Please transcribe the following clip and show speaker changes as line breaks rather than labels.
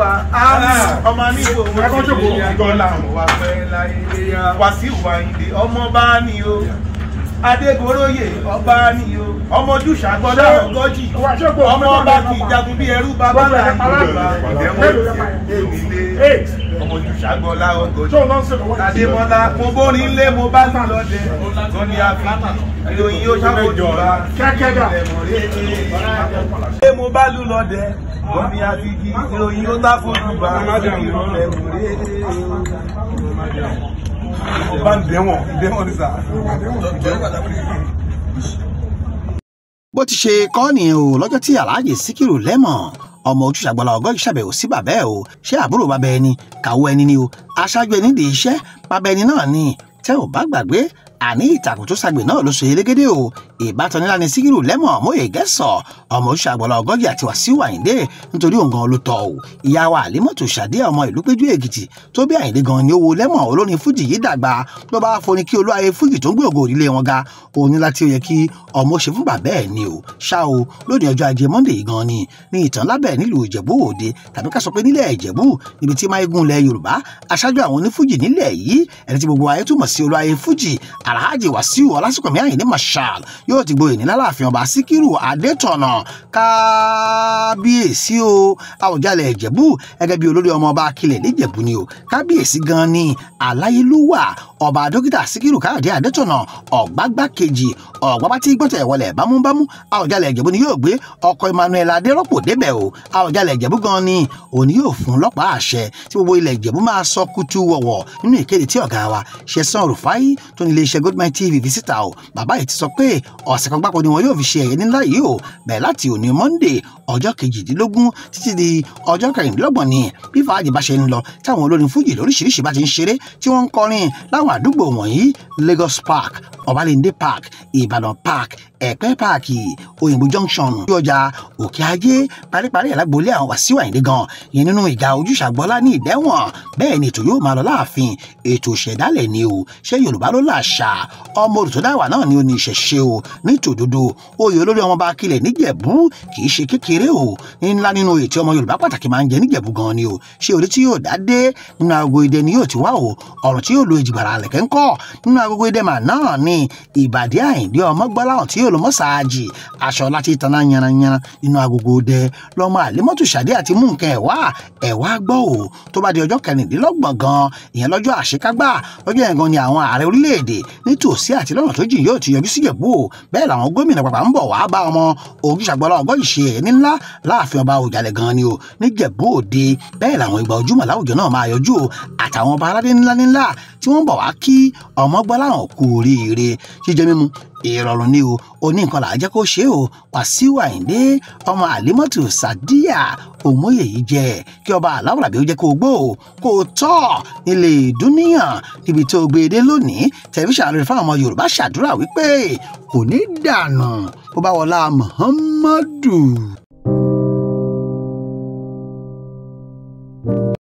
Ah, wa ọmọ ní ìwò wọn kọjọ kò ń gbọ́ làwọn wà pẹ́ láyé Wàsíù Àyìndé ọmọ bá ní o Adégoróyè ọba ní o ọmọ ojúṣà gbọ́dọ̀ ọgọ́jì ọmọ ọba kì í jagun bí ẹrú bàbá láyé ìjọba ìdẹ́wọ̀n ìdílé ọmọ jùṣàgbọ́ láwọn tó tàdémọ́lá mo bórin ilé mo bá ní lọ́dẹ gan ni a fi ìròyìn yóò ṣàkóso ra ilé mo bá lù lọ́dẹ gan ni a fi kí ìròyìn yóò táfojú bá ìrọ̀lẹ́ mo bá ń dẹ́wọ̀n ìdẹ́wọ̀n
bó ti ṣe kọ́ nìyẹn o lọ́jọ́ tí aláàjì síkírù lẹ́mọ̀ọ́ ọmọ ojúṣe Àgbàlá Ògo ṣàbẹ̀wò sí bàbá ẹ̀ o ṣé àbúrò bàbá ẹni kàwọ́ ẹni ni o aṣáájú ẹni dè iṣẹ́ bàbá ẹni náà ni tẹ́ ò bá gbàgbé àní ìtàkùn tó ṣàgbè náà ló ṣe elégédé o ìbátan nílá ni síkírù lẹ́mọ̀ mọ́yè gẹ́sọ̀ ọmọ oṣù àgbọ̀lá ọgọ́jì àti wàsíù àyíndé nítorí òǹgan ló o ìyá wa àlímọ̀tò ṣàdé ọmọ ìlú péjú èkìtì tó bí àyíndé gan ni ó wo lẹ́mọ̀ olórin fújì yìí dàgbà ló bá foni kí olúwaye fújì tó ń gbé ògo òdílé wọn ga òun ní láti yẹ kí ọmọ ṣe fún bàbá ẹ̀ ni o ṣá o lóde ọjọ́ ajé monde yìí gan ni ní ìtàn lábẹ́ nílùú ìjẹ̀bú òde tàbí ká sọ pé nílẹ̀ ìjẹ̀bú níbi tí máa ń gun ilẹ̀ yorùbá aṣáájú àwọn onífújì nílẹ̀ yìí ẹni tí gbogbo ayé túmọ̀ sí olúwaye fújì alhaji wasiu ọlásùnkànmí àyìndé marshal yóò ti gboyè ní láláàfin ọba síkírù adétọ̀nà kábíyèsí o àwùjalẹ̀ ìjẹ̀bú gẹ́gẹ́ bí olórí ọmọ ọba akilẹ̀ níjẹ̀bú ni o kábíyèsí gan ni aláyélúwà ọba dókítà síkírù káyọ̀dé adétọ̀nà ọ̀gbágbá kejì ọ̀gbábá tí gbọ́tẹ̀ ìwọlẹ̀ bámúbámú àwùjalẹ̀ ìjẹ̀bú ni yóò gbé ọkọ̀ emmanuel adérọ́pò débẹ̀ o àwùjalẹ̀ ìjẹ̀bú gan ni òní yóò fún lọ́pàá àṣẹ tí gbogbo ilẹ̀ ìjẹ̀bú máa sọ kutu wọ̀wọ̀ nínú ìkéde tí ọ̀gá wa ṣẹ̀san Goldmine TV fi síta o bàbá yìí ti sọ pé ọ̀sẹ̀ kan gbáko ni wọn yóò fi ṣe ẹ̀yẹ ńlá yìí o bẹ̀rẹ̀ láti òní Monday ọjọ́ kejìdínlógún títí di ọjọ́ kẹrìndínlọ́gbọ̀n ni bí fàájì bá ṣe ń lọ táwọn olórin fújì lóríṣiríṣi bá ti ń ṣeré tí wọ́n ń kọrin láwọn àdúgbò wọ̀nyí Lagos Park ọ̀bálẹ̀ndé park ìbàdàn park ẹ̀pẹ́ páàkì òyìnbó junction ojú ọjà òkè ajé paríparí àlágbólé àwọn wàsíù àyìndé gan yẹn nínú ìgbà ojúṣàgbọ́lá ní ìdẹ́wọ̀n bẹ́ẹ̀ ni ètò yóò máa lọ láàfin ètò ìṣẹ̀dálẹ̀ ni o ṣé yorùbá ló làṣà ọmọ olùtọ́dáwà náà ni ó ní ìṣẹ̀ṣe o ní tòdodo oyè olórí ọmọọba akilẹ̀ níjẹ̀bú kì í ṣe kékeré o ńlá nínú ètò ọmọ yorùbá pàtàkì máa ń jẹ níjẹ̀bú gan ni o ṣé orí tí yóò dá dé nínú agogo idẹ ni yóò ti wá o ọ̀rùn tí yóò lo ìjìbàrà àlẹ̀kẹ́ ńkọ́ nínú ni ìbàdí àyíndé ọmọgbọ́lá ọ̀tí olùmọ́sáàjì aṣọ láti tanná yanranyanran inú agogo dẹ lọ́mọ àlẹ́mọ́tò ṣàdé àti mú nǹkan ẹ̀wá ẹ̀wá gbọ́ ò tó bá di ọjọ́ kẹrìndínlọ́gbọ̀n gan ìyẹn lọ́jọ́ àṣekágbà lọ́jọ́ yẹn gan ni àwọn ààrẹ orílẹ̀-èdè nítòsí àti lọ́nà tó jìn yóò ti yọjú sí Ìjẹ̀bú o bẹ́ẹ̀ làwọn gómìnà pàpà ń bọ̀ wá bá ọmọ Ògúnṣàgbọ́lá ọgọ́ ìṣe ẹni ńlá láàfin ọba Òjàlẹ̀ gan ni o níjẹ̀bú òde bẹ́ẹ̀ làwọn ìgbà ojúmọ̀ láwùjọ náà máa yọjú o àtàwọn ọba aládé ńláńlá tí wọ́n bọ̀ wá kí ọmọ gbọ́láhàn kú oríire jíjẹ mímu ìrọ̀rùn ni o oní nǹkan là á jẹ́ kó ṣe o Wàsíù Àyìndé ọmọ Àlímọ́tù Sàdíyà òmóye yìí jẹ kí ọba aláwùrábí ó jẹ́ kó o gbó o kó tọ́ nílé ìdúníyàn níbi tó gbé e dé lónìí tẹlifíṣàn rẹ fáwọn ọmọ Yorùbá ṣàdúrà wípé kò ní dànù bó bá wọlá Muhammadu.